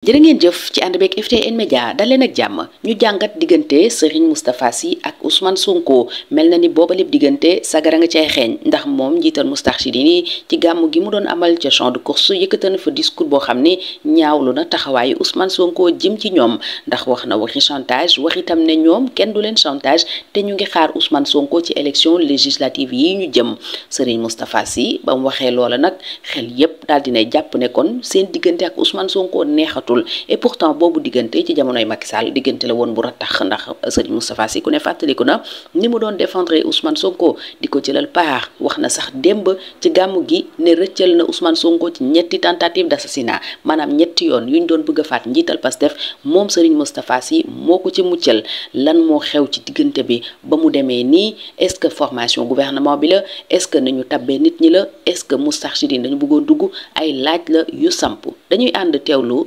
jërë ngeen jëf ci ànd beeg FTN Média daleen ak jàmm ñu jàngat diggante Serigne Moustapha Sy ak Ousmane Sonko mel na ni booba lépp diggante sagara nga cay xeeñ ndax moom njiital ni ci gàmm gi mu doon amal ca champ de course yëkkatana fa discours boo xam ne ñaawlu na taxawaayu Ousmane Sonko jëm ci ñoom ndax wax na waxi chantage wax itam ne ñoom kenn du leen chantage te ñu ngi xaar Ousmane Sonko ci élection législative yi ñu jëm Serigne Moustapha Sy ba mu waxee loola nag xel yépp daal dina jàpp ne kon seen diggante ak Ousmane Sonko neexatu rafetul et pourtant boobu diggante ci jamonoy Macky Sall diggante la woon bu rattax ndax Serigne Moustapha Sy ku ne fàttaliku na ni mu doon défendre Ousmane Sonko di ko jëlal paax wax na sax démb ci gàmmu gi ne rëccal na Ousmane Sonko ci ñetti tentative d'assassinat maanaam ñetti yoon yuñ doon bëgg a faat njiital Pastef moom Serigne Moustapha Sy moo ko ci muccal lan moo xew ci diggante bi ba mu demee nii est-ce que formation gouvernement bi la est-ce que nañu tabbee nit ñi la est-ce que Moustarchidine dañu bëggoon dugg ay laaj la yu samp dañuy ànd teewlu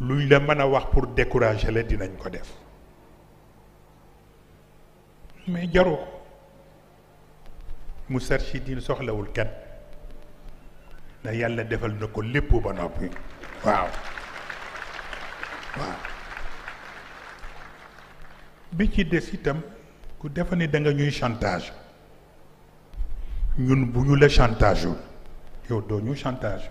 luñ la mën a wax pour décourager la dinañ def mais jaru ko a soxlawul kenn yàlla defal na ko lépp ba noppi waaw waaw bi ci des itam ku defa ñuy chantage ñun bu le chantage yow doo chantage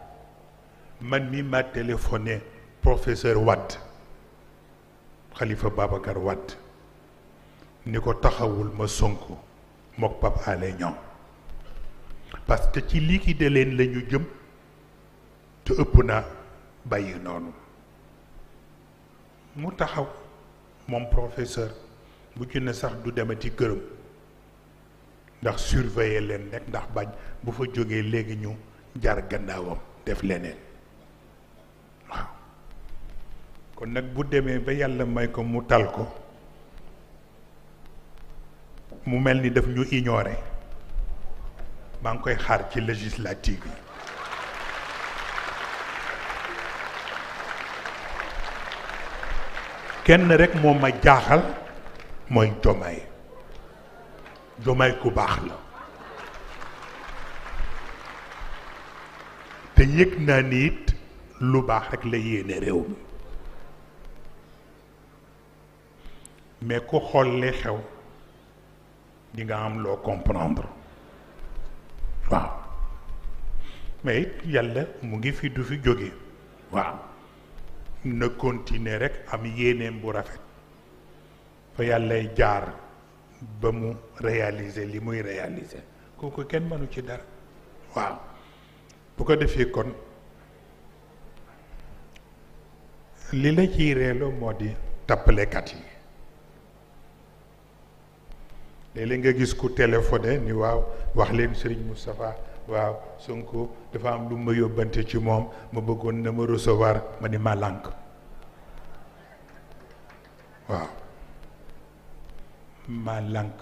man mi ma téléphoné professeur Wade Khalifa Babacar Wade ni ko taxawul ma Sonko mook Pape Alé Niang parce que ci liquide leen la ñu jëm te ëpp naa bàyyi noonu mu taxaw moom professeur bu ci sax du demati këram ndax surveiller leen rek ndax bañ bu fa jógee léegi ñu jar gannaawam def leneen kon nag bu demee ba yàlla may ko mu tal ko mu mel ni daf ñu ignoré maa ngi koy xaar ci législative yi kenn rekk moo ma jaaxal mooy jomaay jomaay ku baax la te yëg naa ni lu baax rek la yéene réew mi mais ku xool li xew dinga nga am loo comprendre waaw mais yàlla mu ngi fi du fi jóge waaw na continuer rek am yéeneem bu rafet fa yàllay jaar ba mu réaliser li muy réaliser kooku kenn mënu ci dara waaw bu ko defee kon li la ciy reeloo moo di tappalekat yi léeg-léeg nga gis ku téléphoné ni waaw wax leen Serigne Moustapha waaw Sonko dafa am lu ma yóbbante ci moom ma bëggoon na ma recevoir ma ni ma lànk waaw ma lànk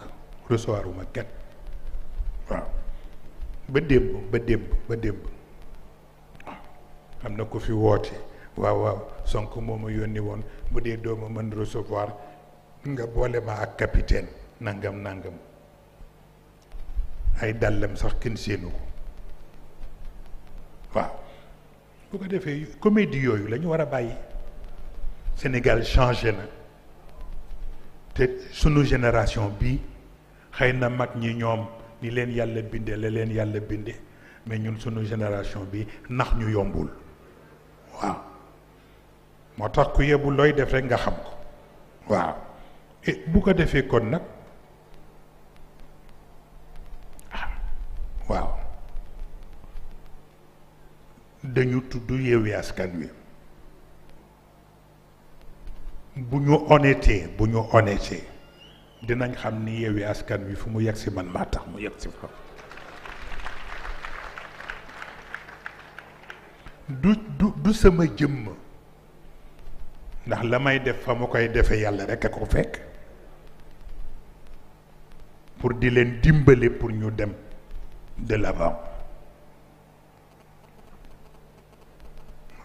recevoir waaw ba démb ba démb ba démb am na ko fi woote waaw waaw Sonko moo ma yónni woon bu dee doo ma recevoir nga boole ma ak capitaine nangam nangam ay dàllam sax kin séenu ko waaw bu ko defee comédie yooyu la ñu war a bàyyi Sénégal changé na te sunu génération bi xëy na mag ñi ñoom ni leen yàlla binde la leen yàlla binde mais ñun sunu génération bi nax ñu yombul waaw moo tax ku yebu looy def rek nga xam ko waaw et bu ko defee kon nag dañu tudd Yewwi Askan Wi bu ñu honnêté bu ñu honnêté dinañ xam ni Yewwi Askan Wi fu mu yegg si man maa tax mu yegg si fa du du sama jëmm ndax la may def fa mu koy defe yàlla rekk a ko fekk pour di leen dimbale pour ñu dem de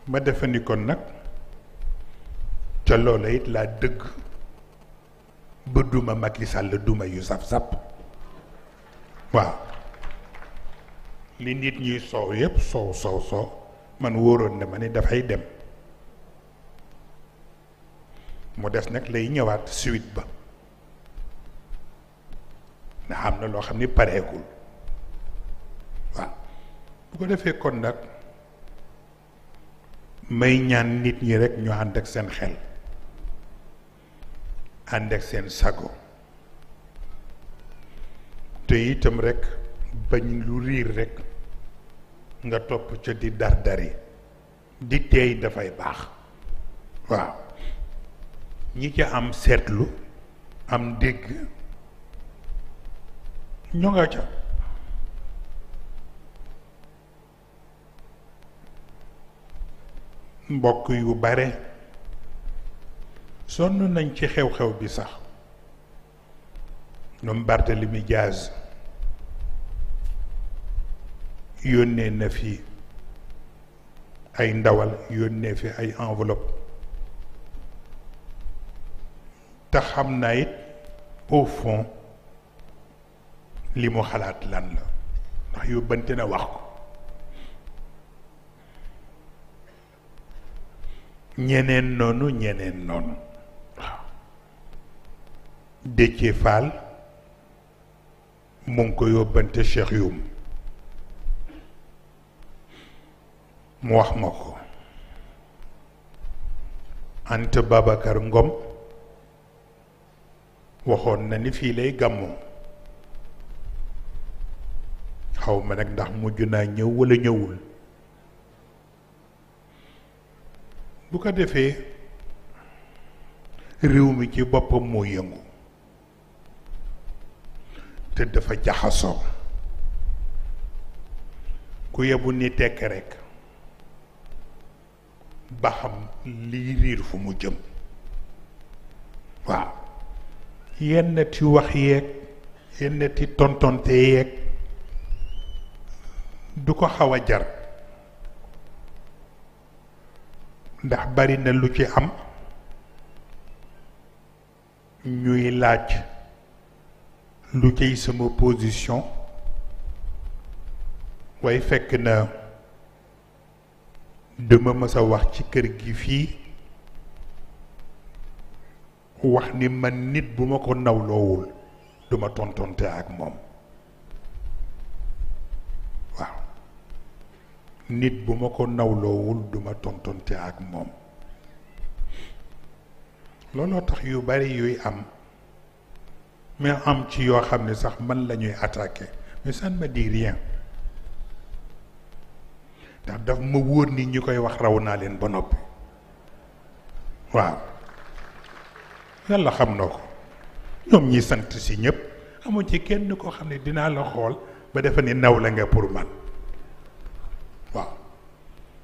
ma defe ni kon nag ca lolé it la deug ba duma Macky Sall duma yu saf-sap waaw li nit ñi soow yépp soow soow soow man wóoroon ne ma ni dafay dem mu des nag lay ñëwaat suite ba na am na loo xam ni pareegul waaw bu ko defee kon nag may ñaan nit ñi rekk ñoo ànd ak seen xel ànd ak seen sago te itam rekk bañ lu riir rekk nga topp ca di dardari di teey dafay baax waaw ñi ca am seetlu am dégg ñoo nga ca mbokk yu bare sonn nañ ci xew-xew bi sax ñoom Barthélemy Diaz yónnee na fi ay ndawal yónnee fi ay enveloppe te xam naa it au fond li mu xalaat lan la ndax yóbbante na wax ko ñeneen noonu ñeneen noonu waaw Déthié Fall mu ko yóbbante Cheikh Youm mu wax ma ko Anta babakar Ngom waxoon na ni fii lay gàmmoo xawma ma nag ndax mujj naa ñëw walla ñëwul bu ko defee réew mi ci boppam moo yëngu te dafa jaxasoo ku yebu ni tekk rekk ba xam liy riir fu mu jëm waaw yenn ti wax yeeg yenn ti tontonte yeeg du ko xaw a jar ndax bari na lu ci am ñuy laaj lu ciy sama position way fekk na duma mësa wax ci kër gi fii wax ni man nit bu ma ko nawloowul duma tontonte ak moom nit bu ma ko nawloowul duma tontonte ak moom looloo tax yu bari yuy am mais am ci yoo xam ne sax man la ñuy attaqué mais ça ne me dit rien ndax daf ma wóor ni ñu koy wax raw naa leen ba noppi waaw yàlla xam na ko ñoom ñi sant si ñëpp amu ci kenn ko xam ne dinaa la xool ba defa ni naw la nga pour man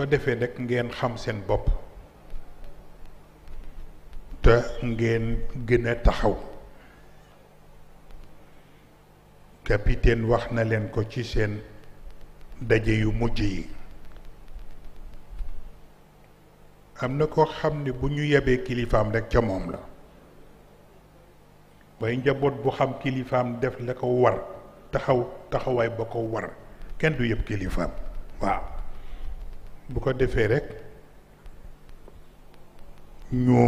ko defé rek ngeen xam seen bop te ngeen gëna taxaw capitaine wax na len ko ci seen daje yu mujj yi am na koo bu ñu yebee kilifaam rek ca mom la way njabot bu xam kilifaam def la ko war taxaw taxaway bako war kenn du yeb kilifaam waaw bu ko defee rek ñu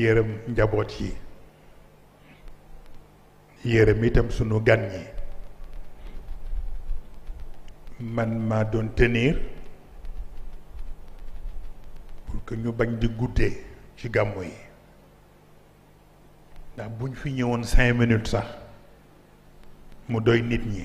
yërëm njaboot yi yërëm itam sunu gan yi man maa doon tenir pour que ñu bañ di guddee ci gàmmu yi ndax buñ fi ñëwoon cinq minutes sax mu doy nit ñi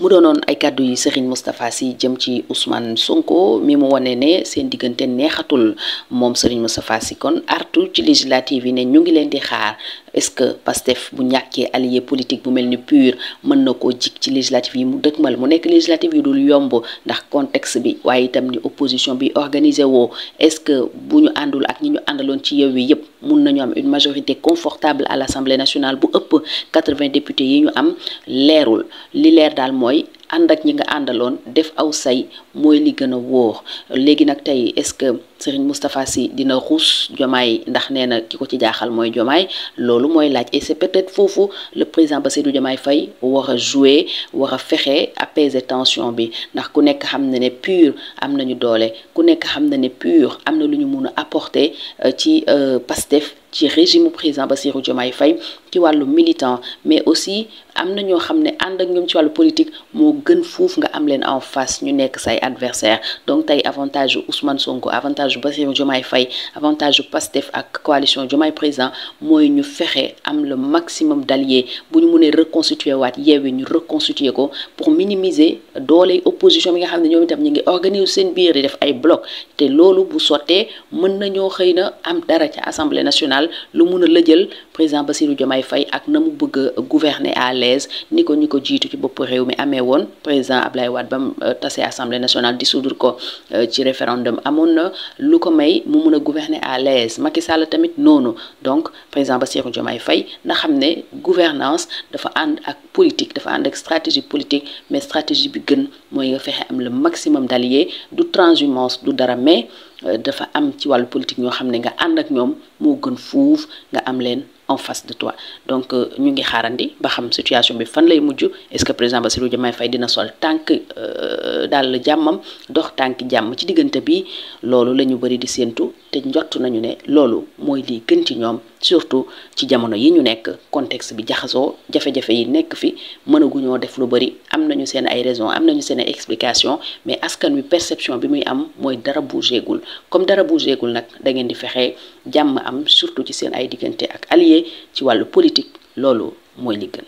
mu doon ay kàddu yi Serigne Moustapha Sy jëm ci Ousmane Sonko mi mu wane ne seen diggante neexatul moom Serigne Moustapha Sy kon artu ci législative yi ne ñu ngi leen di xaar est-ce que Pastef bu ñàkkee allié politique bu mel ni PUR mën na ko jik ci législative yi mu mal mu nekk législative yi dul yomb ndax contexte bi waaye itam ni opposition bi organisé woo est-ce que bu ñu àndul ak ñi ñu àndaloon ci yow yi yëpp une majorité confortable à l'Assemblée nationale Pour 80 députés yi ñu am rôles. Andak ak ñi nga àndaloon def aw say moy li gëna woor wóor nak tay est-ce que Serigne Moustapha si dina ruus jomay ndax nee kiko ci jaaxal moy jomay lolu moy laaj et c'est peut-être fofu le président Bassirou jomay fay war jouer war fexé apaiser tension bi ndax ku nekk xamna né ne PUR am nañu doole ku nekk xamna né PUR amna luñu lu apporter euh, ci euh, Pastef ci régime président Bassirou jomay fay ci walu militant mais aussi amna ñoo xam and ak ñoom ci walu politique mo gën fouf nga am leen en face ñu nekk say adversaire donc tay avantage Ousmane Sonko avantage Bassirou Diomaye Faye avantage Pastef ak coalition Diomaye président moy ñu fexé am le maximum d'alliés bu ñu reconstituer waat yeewi ñu reconstituer ko pour minimiser doole opposition mi nga xam ne ñoom itam ñu ngi organiser seen biir def ay bloc te lolu bu soté mën nañoo xeyna am dara ci assemblée nationale lu mëna a président Bassirou Diomaye Faye ak namu bëgg gouverner à 2013 ni ko ñi ci bopp rew mi amé won président Ablaye wad bam euh, tassé assemblée nationale dissoudre ko euh, ci référendum amone na lu ko may mu gouverner à l'aise Macky Sall tamit nono donc président Bassirou Diomaye Faye na xamné gouvernance dafa and ak politique dafa faire ak stratégie politique mais stratégie bi gën moy am le maximum d'alliés du transhumance du dara mais euh, dafa am ci walu politique ñoo xamné nga and ak ñom gën nga am en face de toi donc euh, ñu ngi xaarandi ba situation bi fan lay muju. est-ce que président Bassirou Diomaye Faye dina sol euh, dal daal jàmmam dox tànk jam, ci diggante bi lolu lañu bari di sentu te njott nañu né lolu moy li gën ci ñom surtout ci jamono yi ñu nekk contexte bi jaxaso jafé jafé yi nekk fi mënaguñoo def lu bari am nañu seen ay raisons am nañu seen mais askan wi perception bi muy am moy dara Com comme dara bougéegul nak da ngeen di fexé am surtout ci seen ay diggante ak alliés ci wàllu politik loolu mooy li gën.